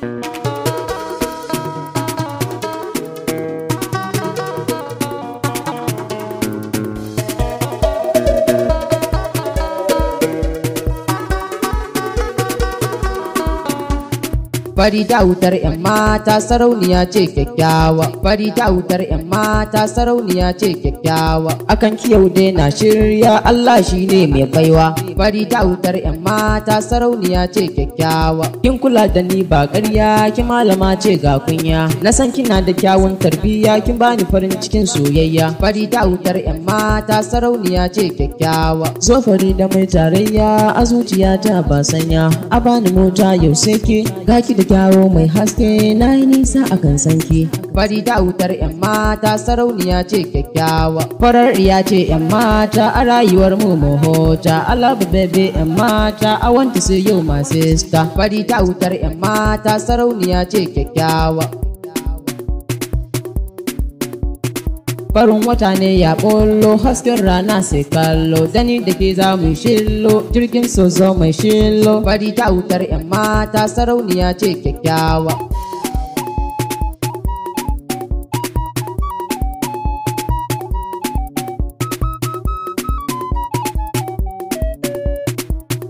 Thank you. farida wutar yan mata sarauniya ce kyakkyawa farida wutar yan mata sarauniya ce kyakkyawa akan kiyau na shirya Allah shi ne mai baiwa farida wutar yan mata sarauniya ce kyakkyawa kin kula da ni ba ƙarya ki malama ce ga kunya na san kina da kyawun tarbiya kin bani farin cikin soyayya farida wutar yan mata sarauniya ce kyakkyawa zo farida mai tarayya a zuciyata ba sanya a bani mota yau sai ke gaki da kyawo mai haske na yi nisa a kan sanki fari da wutar yan mata sarauniya ce kyakkyawa farar riya ce yan mata a rayuwar mu mahota i love yan mata a want su yau you my fari da wutar yan mata sarauniya ce kyakkyawa farin wata ne ya bollo hasken rana sai kallo dani da ke za mu shillo jirgin sozo mai shillo fari ta wutar yan mata sarauniya ce kyakkyawa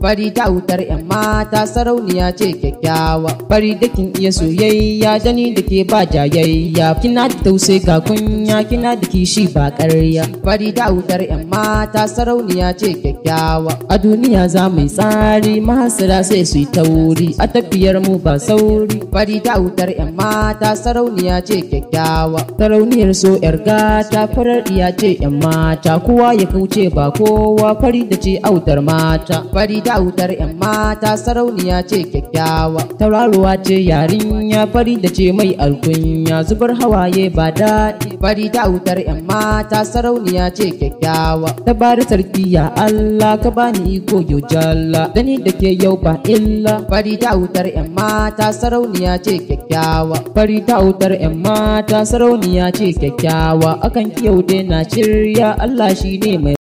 fari ta wutar yan mata sarauniya ce kyakkyawa fari kin iya soyayya dani da ke ba jayayya kina da tausai ga kunya kina da kishi ba karya. fari ta wutar yan mata sarauniya ce kyakkyawa a duniya za mai tsari mahasara sai su yi tauri a tafiyar mu ba sauri fari ta wutar yan mata sarauniya ce kyakkyawa sarauniyar so yar gata farar iya ce yan mata kowa ya kauce ba kowa fari da ce autar mata fari ta autar yan mata sarauniya ce kyakkyawa tauraruwa ce yarinya fari da ce mai alkunya zubar hawaye ba daɗi fari ta autar yan mata sarauniya ce kyakkyawa tabar sarki ya Allah ka bani iko yo jalla dani da ke yau ba illa fari ta autar yan mata sarauniya ce kyakkyawa fari ta autar yan mata sarauniya ce kyakkyawa akan kiyau na shirya Allah shine mai